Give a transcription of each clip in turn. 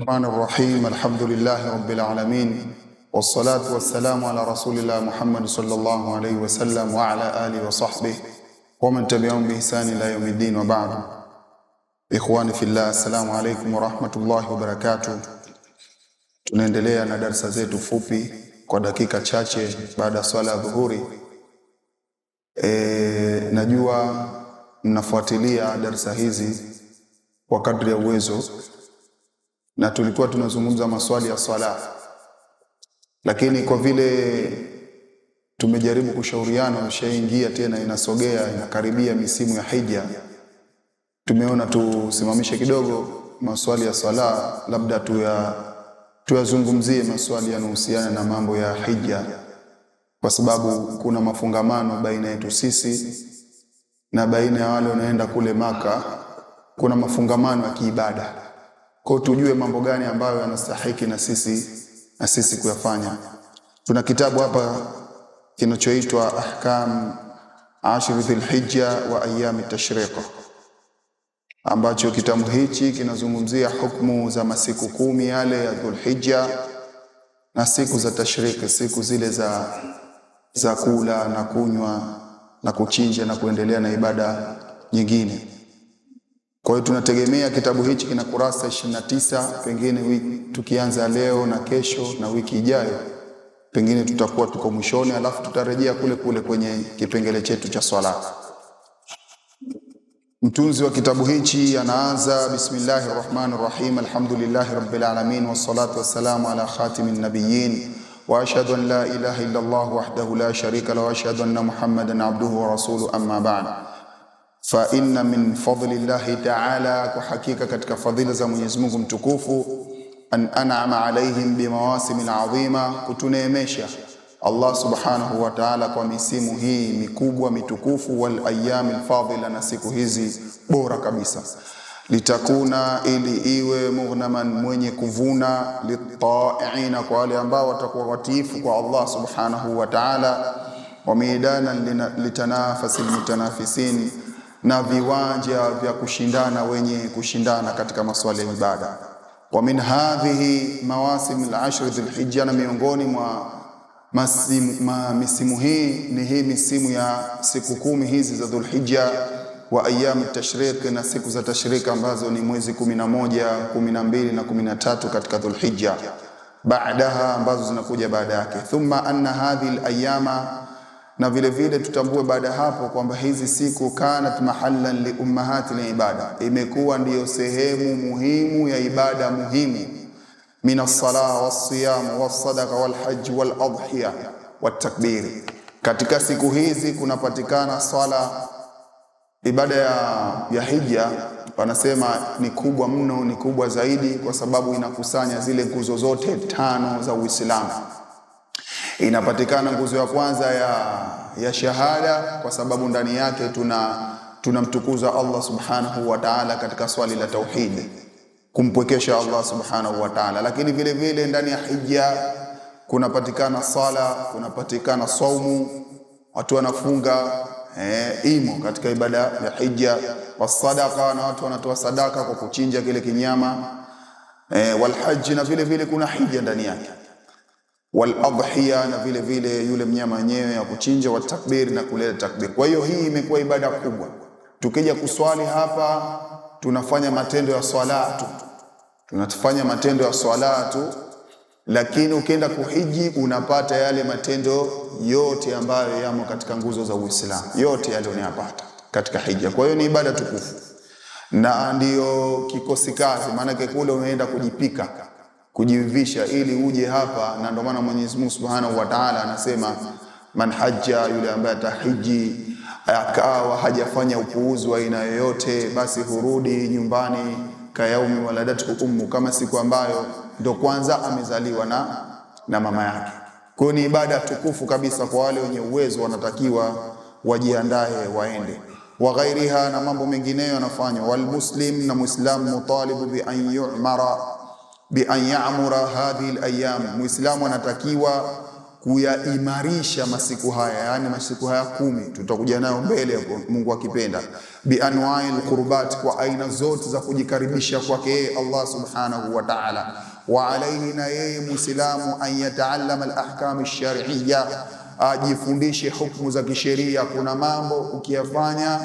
الرحمن الرحيم الحمد لله رب العالمين والصلاة والسلام على رسول الله محمد صلى الله عليه وسلم وعلى آله وصحبه ومن تبعهم بإحسان إلى يوم الدين وبعد إخواني في الله السلام عليكم ورحمة الله وبركاته tunaendelea na darsa zetu fupi kwa dakika chache baada ya swala ya dhuhuri. E, najua mnafuatilia darsa hizi kwa kadri ya uwezo na tulikuwa tunazungumza maswali ya swala, lakini kwa vile tumejaribu kushauriana, ishaingia tena, inasogea inakaribia misimu ya hija, tumeona tusimamishe kidogo maswali ya swala, labda tuya tuyazungumzie maswali yanayohusiana na mambo ya hija, kwa sababu kuna mafungamano baina yetu sisi na baina ya wale wanaenda kule Maka, kuna mafungamano ya kiibada kwa tujue mambo gani ambayo yanastahiki na sisi na sisi kuyafanya. Tuna kitabu hapa kinachoitwa Ahkam Ashri Dhil Hijja wa Ayami Tashriq, ambacho kitabu hichi kinazungumzia hukumu za masiku kumi yale ya Dhulhijja na siku za tashriki, siku zile za, za kula na kunywa na kuchinja na kuendelea na ibada nyingine. Kwa hiyo tunategemea kitabu hichi kina kurasa 29, pengine wiki, tukianza leo na kesho na wiki ijayo pengine tutakuwa tuko mwishoni, alafu tutarejea kule kule kwenye kipengele chetu cha swala. Mtunzi wa kitabu hichi anaanza bismillahir rahmanir rahim, alhamdulillahi rabbil alamin wassalatu wassalamu ala khatimin nabiyyin wa ashhadu an la ilaha illa Allah wahdahu la sharika la wa ashhadu anna Muhammadan abduhu wa rasuluhu amma ba'd fa inna min fadli llahi taala, kwa hakika katika fadhila za Mwenyezi Mungu mtukufu, an an'ama alaihim bimawasimi ladhima kutuneemesha Allah subhanahu wa ta'ala kwa misimu hii mikubwa mitukufu, wal ayami lfadhila, na siku hizi bora kabisa, litakuna, ili iwe mughnaman, mwenye kuvuna, litaiina, kwa wale ambao watakuwa watiifu kwa Allah subhanahu wa ta'ala, wa midana litanafasi lmutanafisin na viwanja vya kushindana wenye kushindana katika masuala ya ibada. Wa min hadhihi mawasim al-ashr Dhulhijja, na miongoni mwa masimu, ma misimu hii ni hii misimu ya siku kumi hizi za Dhulhijja wa ayyam tashriq, na siku za tashriq ambazo ni mwezi 11, 12 na 13 katika Dhulhijja, baadaha ambazo zinakuja baada yake. Thumma anna hadhihi al ayyama na vile vile tutambue baada ya hapo kwamba hizi siku kanat mahallan li ummahati ibada, imekuwa ndiyo sehemu muhimu ya ibada muhimu, min wal walsiyam wal walhaji waladhiya watakbiri. Katika siku hizi kunapatikana swala, ibada ya, ya hija wanasema ni kubwa mno, ni kubwa zaidi, kwa sababu inakusanya zile nguzo zote tano za Uislamu. Inapatikana nguzo ya kwanza ya, ya shahada kwa sababu ndani yake tuna tunamtukuza Allah subhanahu wa ta'ala katika swali la tauhidi, kumpwekesha Allah subhanahu wa ta'ala. Lakini vile vile ndani ya hija kunapatikana sala, kunapatikana saumu, watu wanafunga eh, imo katika ibada ya hija, wasadaqa, na watu wanatoa sadaka kwa kuchinja kile kinyama eh, walhaji, na vile vile kuna hija ndani yake wal adhiya, na vile vile yule mnyama wenyewe ya kuchinja, wa takbir na kuleta takbir. Kwa hiyo hii imekuwa ibada kubwa. Tukija kuswali hapa tunafanya matendo ya tu tunafanya matendo ya tu lakini ukienda kuhiji unapata yale matendo yote ambayo yamo katika nguzo za Uislamu, yote yale unayapata katika hija. Kwa hiyo ni ibada tukufu na ndiyo kikosi kazi, maanake kule unaenda kujipika kujivisha ili uje hapa, na ndio maana Mwenyezi Mungu Subhanahu wa Ta'ala anasema man hajja, yule ambaye atahiji akawa hajafanya upuuzi wa aina yoyote, basi hurudi nyumbani kayaumi waladatu ummu, kama siku ambayo ndo kwanza amezaliwa na, na mama yake. Kwa ni ibada tukufu kabisa kwa wale wenye uwezo, wanatakiwa wajiandae waende wa ghairiha, na mambo mengineyo yanafanywa. Walmuslim, na muislamu mutalibu bi an yumara bi an ya'mura hadhihi al-ayyam, muislamu anatakiwa kuyaimarisha masiku haya, yani masiku haya kumi tutakuja nayo mbele Mungu akipenda, bi anwa'i qurbat kwa aina zote za kujikaribisha kwake yeye Allah subhanahu wa ta'ala, wa alayhi, na yeye muislamu an yata'allama al-ahkam ash-shar'iyya, ajifundishe hukumu za kisheria. Kuna mambo ukiyafanya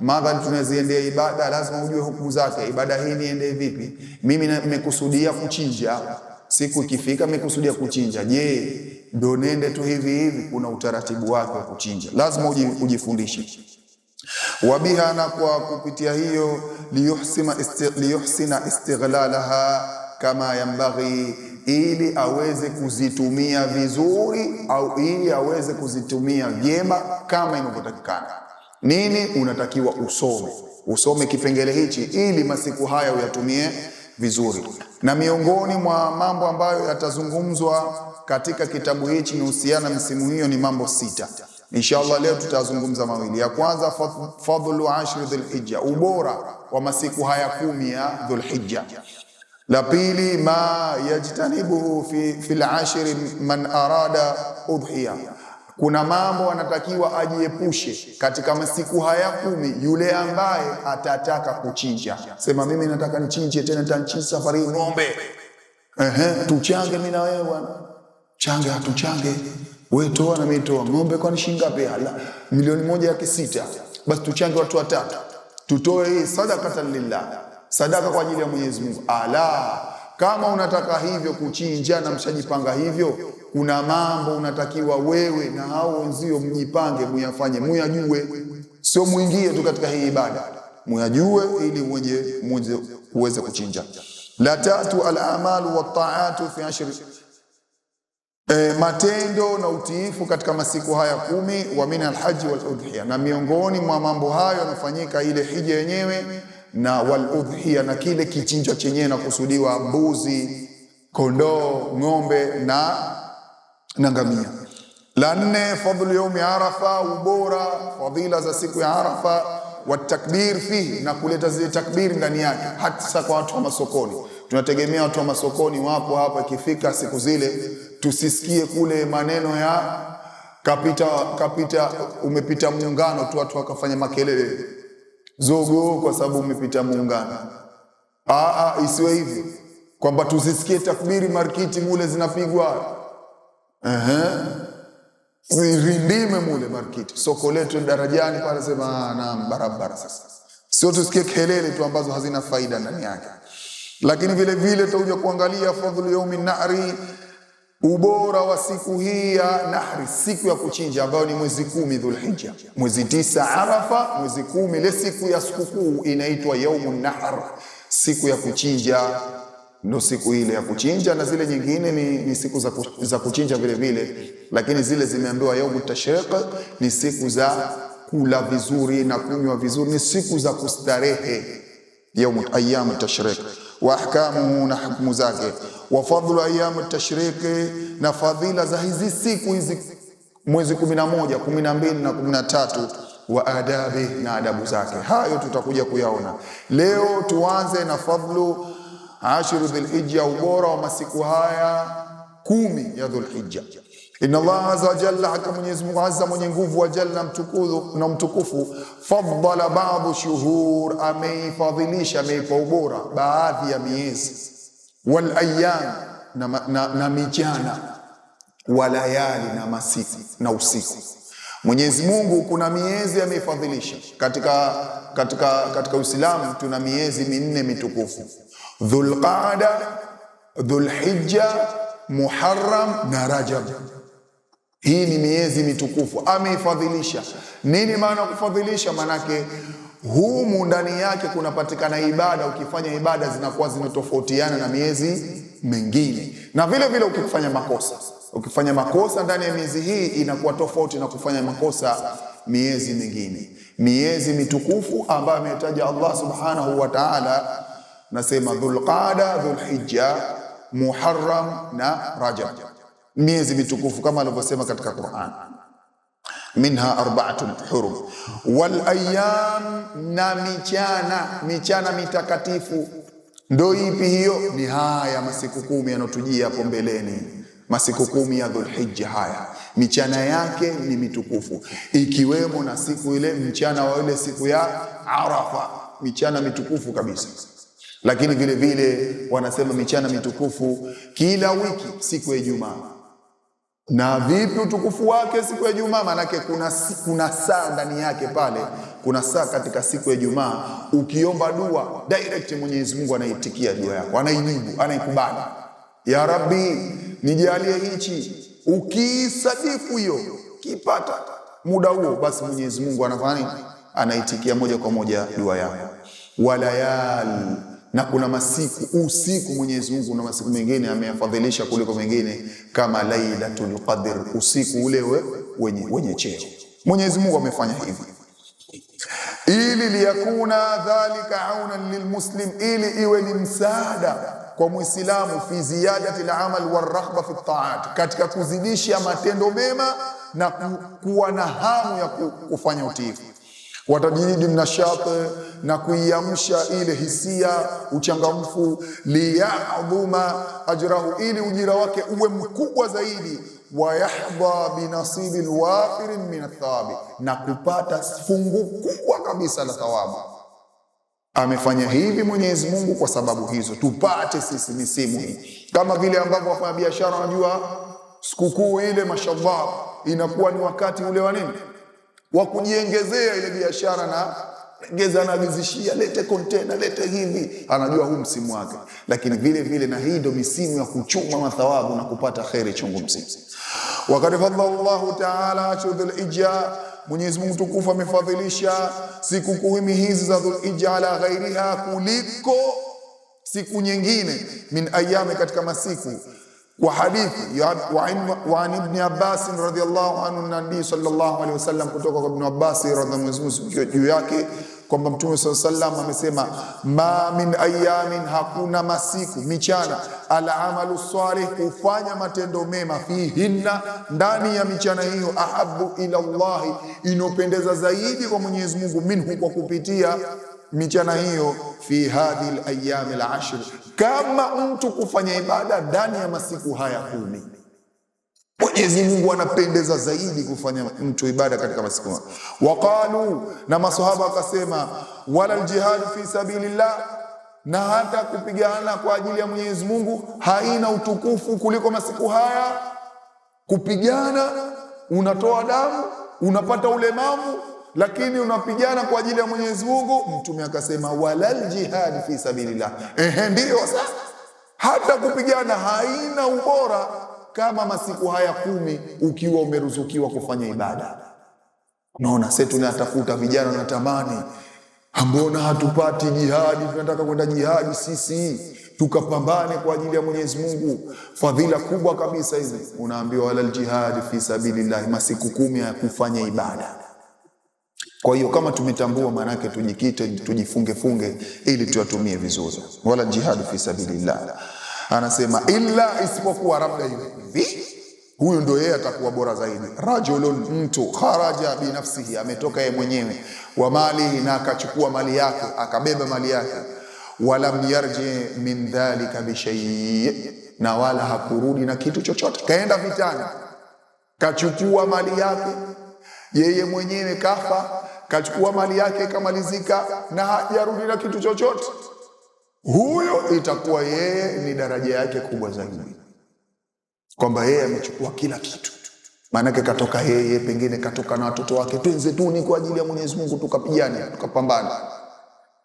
madhali tunaziendea ibada, lazima ujue hukumu zake. Ibada hii niende vipi? Mimi nimekusudia kuchinja, siku ikifika nimekusudia kuchinja. Je, ndio nende tu hivi hivi? Kuna utaratibu wake wa kuchinja, lazima ujifundishe. Wabiha, na kwa kupitia hiyo, liyuhsina istighlalaha kama yambaghi ili aweze kuzitumia vizuri au ili aweze kuzitumia vyema kama inavyotakikana nini unatakiwa usome. Usome kipengele hichi ili masiku haya uyatumie vizuri. Na miongoni mwa mambo ambayo yatazungumzwa katika kitabu hichi inahusiana msimu hiyo ni mambo sita. Inshallah leo tutazungumza mawili. Ya kwanza fadhlu ashri Dhulhijja, ubora wa masiku haya kumi ya Dhulhijja. La pili ma yajtanibuhu fi fil ashri man arada udhiya kuna mambo anatakiwa ajiepushe katika masiku haya kumi, yule ambaye atataka kuchinja. Sema mimi nataka nichinje, tena nitanchinja safari hii ng'ombe. Ehe, tuchange mimi na wewe bwana, change atuchange, wewe toa na mimi toa. Ng'ombe kwani shilingi ngapi? Ala, milioni moja ya kisita. Basi tuchange watu watatu, tutoe hii sadaka lillah, sadaka kwa ajili ya Mwenyezi Mungu. ala kama unataka hivyo kuchinja na mshajipanga hivyo, kuna mambo unatakiwa wewe na hao wenzio mjipange, muyafanye, muyajue, sio muingie tu katika hii ibada, muyajue ili mwenye uweze kuchinja. La tatu, alamalu ta'atu fi ashr E, matendo na utiifu katika masiku haya kumi, wa min alhaji udhiya, na miongoni mwa mambo hayo yanafanyika ile hija yenyewe na waludhhiya, na kile kichinjo chenyewe na kusudiwa mbuzi, kondoo, ng'ombe na na ngamia. La nne, fadhlu yaumi Arafa, ubora fadhila za siku ya Arafa, watakbir fihi, na kuleta zile takbiri ndani yake, hasa kwa watu wa masokoni. Tunategemea watu wa masokoni wapo hapa, ikifika siku zile tusisikie kule maneno ya kapita, kapita umepita muungano tu, watu wakafanya makelele zogo kwa sababu umepita muungano. Aa, isiwe hivyo kwamba tuzisikie takbiri markiti mule zinapigwa zirindime mule markiti, soko letu darajani pale, sema ah, naam, barabara. Sasa sio tusikie kelele tu ambazo hazina faida ndani yake, lakini vile vile tutakuja kuangalia fadhlu yaumi nahri ubora wa siku hii ya nahri, siku ya kuchinja, ambayo ni mwezi kumi dhulhija mwezi tisa Arafa, mwezi kumi ile siku ya sikukuu inaitwa yaumu nahar, siku ya kuchinja ndo siku ile ya kuchinja, na zile nyingine ni, ni siku za, ku, za kuchinja vile vile, lakini zile zimeambiwa yaumu tashriq ni siku za kula vizuri na kunywa vizuri, ni siku za kustarehe, yaumu ayamu tashriq. Wa ahkamuhu, na hukumu zake wa fadhlu ayamu tashriki, na fadhila za hizi siku hizi mwezi 11, 12 na 13, wa adabi na adabu zake. Hayo tutakuja kuyaona. Leo tuanze na fadhlu ashiru dhulhijja, ubora wa masiku haya kumi ya dhulhijja. Inna Allah azza wa jalla, haka Mwenyezi Mungu azza mwenye nguvu wa jalla na mtukufu, fadhala baadhi shuhur, ameifadhilisha ameipa ubora baadhi ya miezi wal ayyam na, na, na mijana walayali na masiku na usiku. Mwenyezi Mungu kuna miezi ameifadhilisha katika, katika, katika Uislamu tuna miezi minne mitukufu Dhulqaada, Dhulhijja, Muharram na Rajab. Hii ni miezi mitukufu ameifadhilisha. Nini maana kufadhilisha? Maanake humu ndani yake kunapatikana ibada. Ukifanya ibada zinakuwa zinatofautiana na miezi mengine, na vile vile ukifanya makosa, ukifanya makosa ndani ya miezi hii inakuwa tofauti na kufanya makosa miezi mingine. Miezi mitukufu ambayo ametaja Allah subhanahu wa ta'ala, nasema Dhulqada, Dhulhijja, Muharram na Rajab, miezi mitukufu kama alivyosema katika Qur'an minha arba'atun hurum wal ayyam, na michana michana mitakatifu. Ndo ipi hiyo? Ni haya masiku kumi yanotujia hapo mbeleni, masiku kumi ya Dhulhijja. Haya michana yake ni mitukufu, ikiwemo na siku ile, mchana wa ile siku ya Arafa, michana mitukufu kabisa. Lakini vile vile wanasema michana mitukufu kila wiki, siku ya Ijumaa na vipi utukufu wake siku ya Ijumaa? Maanake kuna, kuna saa ndani yake pale, kuna saa katika siku ya Ijumaa. Ukiomba dua direct, Mwenyezi Mungu anaitikia dua yako, anaijibu, anaikubali. Ya Rabbi, nijalie hichi. Ukiisadifu hiyo, kipata muda huo, basi Mwenyezi Mungu anafanya nini? Anaitikia moja kwa moja dua yako. walayali na kuna masiku usiku, Mwenyezi Mungu na masiku mengine ameyafadhilisha kuliko mengine, kama Lailatul Qadr, usiku ule wenye, wenye cheo. Mwenyezi Mungu amefanya hivi ili liyakuna dhalika aunan lilmuslim, ili iwe ni msaada kwa Muislamu, fi ziyadati lamal warahba fi taat, katika kuzidisha matendo mema na kuwa na hamu ya kufanya utiifu watajiridi mnashate na kuiamsha ile hisia uchangamfu, liyadhuma ajrahu, ili ujira wake uwe mkubwa zaidi, wayahdha binasibi lwafirin min athawabi, na kupata fungu kubwa kabisa la thawabu. Amefanya hivi Mwenyezi Mungu kwa sababu hizo, tupate sisi misimu hii, kama vile ambavyo wafanya biashara wanajua sikukuu ile mashallah inakuwa ni wakati ule wa nini wa kujiengezea ile biashara na geza anavizishia, lete kontena, lete hivi, anajua huu msimu wake. Lakini vile vile na hii ndio misimu ya kuchuma mathawabu na kupata kheri chungu mzima. wakati fadhala Allahu taala ijja, Mwenyezi Mungu tukufu amefadhilisha siku kumi hizi za ijja ala ghairiha, kuliko siku nyingine, min ayami, katika masiku wa hadithi wa ibn ibni Abbas radhiyallahu anhu nabii sallallahu alaihi wasallam, kutoka kwa Ibn Abbas radhiyallahu anhu juu yake kwamba Mtume saa salam amesema, ma min ayamin, hakuna masiku michana, amalu salih, kufanya matendo mema, fihinna, ndani ya michana hiyo, ahabu ila llahi, inopendeza zaidi kwa Mwenyezi Mungu, minhu, kwa kupitia michana hiyo, fi hadhihi layami lashr kama mtu kufanya ibada ndani ya masiku haya kumi. Mwenyezi Mungu anapendeza zaidi kufanya mtu ibada katika masiku haya. Waqalu, na masahaba wakasema, wala ljihadu fi sabilillah na hata kupigana kwa ajili ya Mwenyezi Mungu haina utukufu kuliko masiku haya. Kupigana unatoa damu, unapata ulemavu lakini unapigana kwa ajili ya Mwenyezi Mungu. Mtume akasema walal jihad fi sabilillah. Ehe, ndio sasa, hata kupigana haina ubora kama masiku haya kumi ukiwa umeruzukiwa kufanya ibada. Unaona, sasa tunatafuta vijana na tamani ambona hatupati jihadi, tunataka kwenda jihadi sisi tukapambane kwa ajili ya Mwenyezi Mungu. Fadhila kubwa kabisa hizi, unaambiwa walal jihad fi sabilillah, masiku kumi ya kufanya ibada kwa hiyo kama tumetambua, maanake tujikite, tujifunge funge ili tuyatumie vizuri. Wala jihadu fi sabilillah, anasema illa, isipokuwa rabda hivi huyu ndo yeye atakuwa bora zaidi. Rajulun, mtu kharaja binafsihi, ametoka yeye mwenyewe, wa malihi, na akachukua mali yake, akabeba mali yake, walam yarji min dhalika bishai, na wala hakurudi na kitu chochote. Kaenda vitani, kachukua mali yake yeye mwenyewe, kafa kachukua mali yake ikamalizika na hajarudi na kitu chochote, huyo itakuwa yeye ni daraja yake kubwa zaidi, kwamba yeye amechukua kila kitu. Maanake katoka yeye, pengine katoka na watoto wake, twenze tu ni kwa ajili ya Mwenyezi Mungu, tukapigana tukapambana.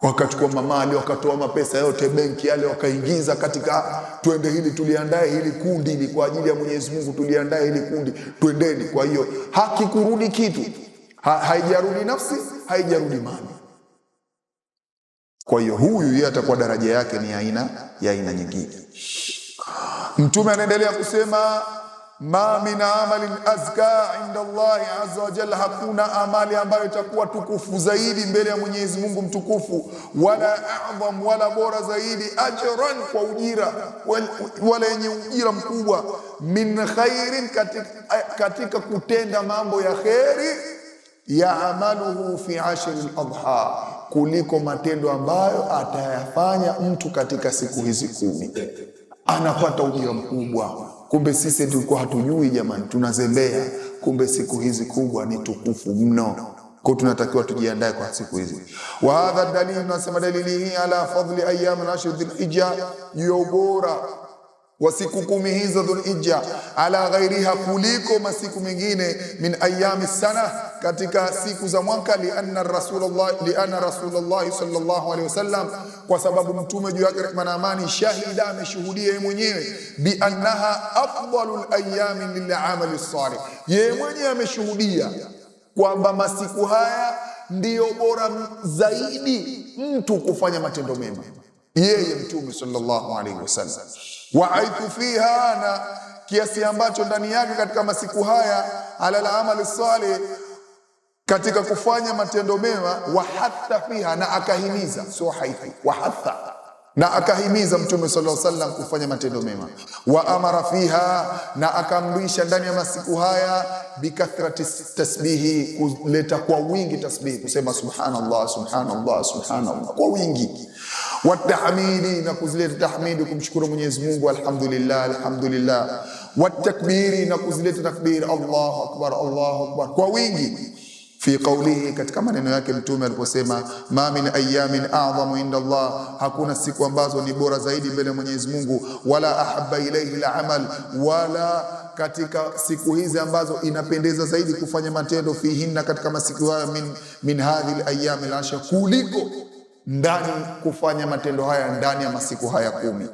Wakachukua mamali, wakatoa mapesa yote benki yale, wakaingiza katika twende hili, tuliandae hili kundi, ni kwa ajili ya Mwenyezi Mungu, tuliandae hili kundi, twendeni. Kwa hiyo hakikurudi kitu ha, haijarudi nafsi haijarudi mali. Kwa hiyo huyu yeye atakuwa daraja yake ni aina ya aina nyingine. Mtume anaendelea kusema ma min amalin azka inda Allah azza wa jalla, hakuna amali ambayo itakuwa tukufu zaidi mbele ya Mwenyezi Mungu mtukufu, wala adham, wala bora zaidi, ajran, kwa ujira, wala yenye ujira mkubwa, min khairin, katika, katika kutenda mambo ya kheri yaamaluhu fi ashri ladha kuliko matendo ambayo atayafanya mtu katika siku hizi kumi, anapata ujira mkubwa. Kumbe sisi tulikuwa hatujui jamani, tunazembea. Kumbe siku hizi kubwa ni tukufu mno, kwa tunatakiwa tujiandae kwa siku hizi. Wa hadha dalili, nasema dalili hii ala fadli ayyam al-ashri dhil-hijja, juu ya ubora wa siku kumi hizo Dhulhijja, ala ghairiha, kuliko masiku mengine, min ayami sana, katika siku za mwaka. anna rasulullah sallallahu alaihi wasallam, kwa sababu Mtume juu yake rehma na amani, shahida, ameshuhudia yeye mwenyewe, bi annaha afdalu layami lilamali salih, yeye mwenyewe ameshuhudia kwamba masiku haya ndiyo bora zaidi mtu kufanya matendo mema, yeye Mtume sallallahu alaihi wasallam wa aithu fiha, na kiasi ambacho ndani yake katika masiku haya, ala alamali salih, katika kufanya matendo mema, wa hatta fiha, na akahimiza, sio haithu, wa hatta na akahimiza Mtume sallallahu alaihi wasallam kufanya matendo mema, wa amara fiha, na akaamrisha ndani ya masiku haya bikathrati tasbihi, kuleta kwa wingi tasbihi, kusema subhanallah subhanallah subhanallah kwa wingi, wa tahmidi, na kuzileta tahmidi, kumshukuru Mwenyezi Mungu, alhamdulillah alhamdulillah, wa takbiri, na kuzileta takbiri, Allahu akbar Allahu akbar kwa wingi fi qaulihi, katika maneno yake Mtume aliposema ma min ayamin a'dhamu inda Allah, hakuna siku ambazo ni bora zaidi mbele ya Mwenyezi Mungu, wala ahabba ilayhi al-amal, wala katika siku hizi ambazo inapendeza zaidi kufanya matendo, fihinna, katika masiku hayo, min, min hadhi al-ayami al kuliko ndani kufanya matendo haya ndani ya masiku haya kumi.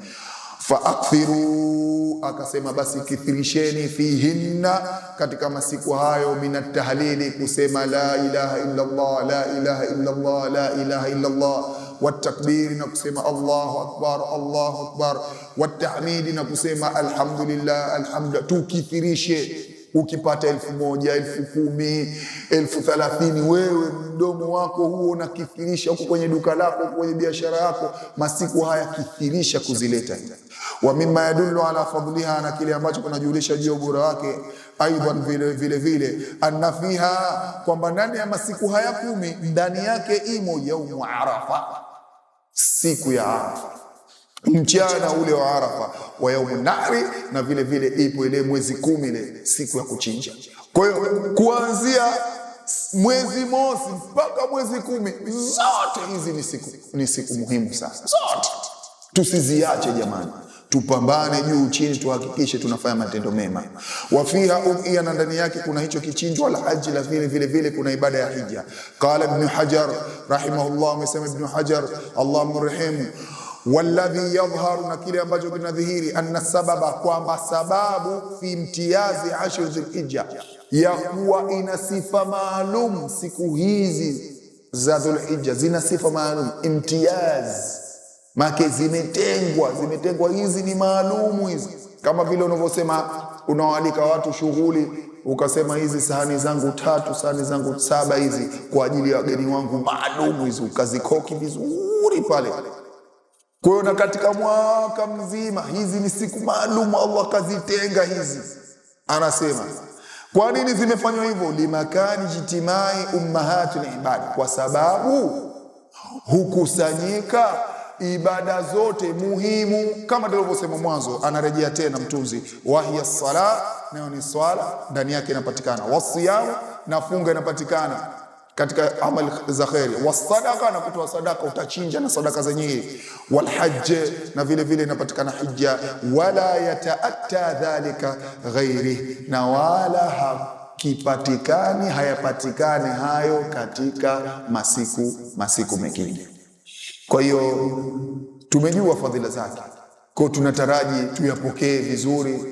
Faakthiru, akasema basi kithirisheni, fihinna, katika masiku hayo, min atahlili, kusema la ilaha illa Allah, la ilaha illa Allah, la ilaha illa Allah, watakbiri, na kusema Allahu akbar, Allahu akbar, watahmidi, na kusema alhamdulillah, alhamdu Tukithirishe ukipata elfu moja elfu kumi elfu thalathini wewe mdomo wako huo unakithirisha, huko kwenye duka lako, kwenye biashara yako, masiku haya kithirisha kuzileta wa mimma yadullu ala fadliha, na kile ambacho kunajulisha juu ya ubora wake. Aidan vile vile vile anna fiha, kwamba ndani ya masiku haya kumi ndani yake imo yaumu Arafa, siku ya Arafa, mchana ule wa Arafa, wa yaumu nahri, na vile vile ipo ile mwezi kumi ile siku ya kuchinja. Kwa hiyo kuanzia mwezi mosi mpaka mwezi kumi, zote hizi ni siku, ni siku muhimu sana, zote tusiziache jamani tupambane juu chini, tuhakikishe tunafanya matendo mema. wafiha umia na ndani yake kuna hicho kichinjwa la haji, lakini vile vile kuna ibada ya hija. Qala Ibn Hajar rahimahullah, amesema Ibn Hajar Allah mrehemu walladhi yadhharu, na kile ambacho kinadhihiri, anna sababa, kwamba sababu fi imtiyazi ashri Dhulhijja, ya kuwa ina sifa maalum siku hizi za Dhulhijja, zina sifa maalum imtiaz make zimetengwa, zimetengwa. Hizi ni maalumu hizi, kama vile unavyosema unawaalika watu shughuli, ukasema hizi sahani zangu tatu, sahani zangu saba hizi kwa ajili ya wageni wangu maalumu hizi, ukazikoki vizuri pale. Kwa hiyo na katika mwaka mzima hizi ni siku maalum Allah kazitenga hizi, anasema kwa nini zimefanywa hivyo? limakani jitimai ummahatul ibadi, kwa sababu hukusanyika ibada zote muhimu kama tulivyosema mwanzo, anarejea tena mtunzi, wahiya sala, nayo ni swala, ndani yake inapatikana wasiyamu, na funga inapatikana katika amali za kheri, wasadaka na kutoa sadaka, utachinja na sadaka zenyewe, walhajj, na vile vile inapatikana hija, wala yataatta dhalika ghairi, na wala hakipatikani hayapatikani hayo katika masiku masiku mengine. Kwa hiyo tumejua fadhila zake, kwa tunataraji tuyapokee vizuri.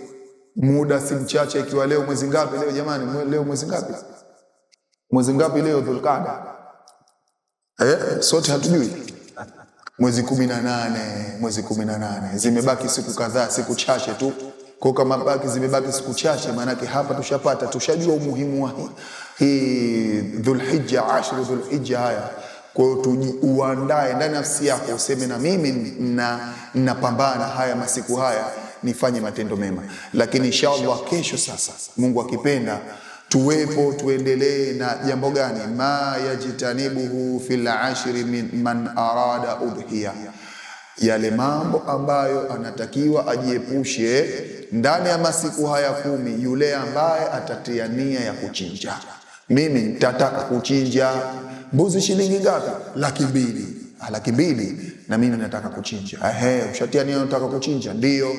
Muda si mchache, ikiwa leo mwezi ngapi? Leo jamani, leo mwezi ngapi? Mwezi ngapi leo? Dhulqaada eh, sote hatujui mwezi kumi na nane mwezi kumi na nane Zimebaki siku kadhaa, siku chache tu. Kwa kama baki zimebaki siku chache, maanake hapa tushapata, tushajua umuhimu wa hii Dhulhijja, ashru Dhulhijja haya kwa hiyo uandae ndani ya nafsi yako, useme na mimi ninapambana haya masiku haya nifanye matendo mema, lakini inshallah kesho, sasa Mungu akipenda, tuwepo tuendelee na jambo gani? ma yajtanibuhu fil ashri man arada udhiya, yale mambo ambayo anatakiwa ajiepushe ndani ya masiku haya kumi, yule ambaye atatia nia ya kuchinja. Mimi nitataka kuchinja mbuzi shilingi ngapi? Laki mbili. Ah, laki mbili na mimi nataka kuchinja. Ehe, ushatia nini unataka kuchinja? Ndio.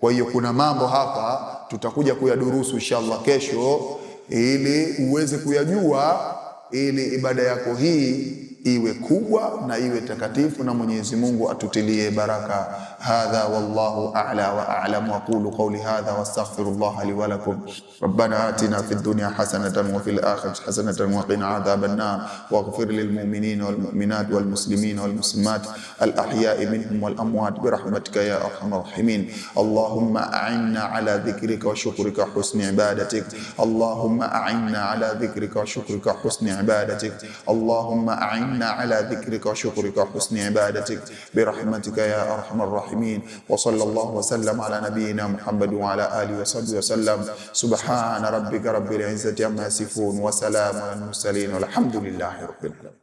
Kwa hiyo kuna mambo hapa tutakuja kuyadurusu inshallah kesho, ili uweze kuyajua, ili ibada yako hii iwe kubwa na iwe takatifu, na Mwenyezi Mungu atutilie baraka. هذا والله أعلى وأعلم وقولوا قولي هذا واستغفر الله لي ولكم ربنا آتنا في الدنيا حسنة وفي الآخرة حسنة وقنا عذاب النار واغفر للمؤمنين والمؤمنات والمسلمين والمسلمات الأحياء منهم والأموات برحمتك يا أرحم الراحمين اللهم أعنا على ذكرك وشكرك وحسن عبادتك اللهم أعنا على ذكرك وشكرك وحسن عبادتك اللهم أعنا على ذكرك وشكرك وحسن عبادتك برحمتك يا أرحم الراحمين الراحمين وصلى الله وسلم على نبينا محمد وعلى آله وصحبه وسلم سبحان ربك رب العزة عما يصفون وسلام على المرسلين والحمد لله رب العالمين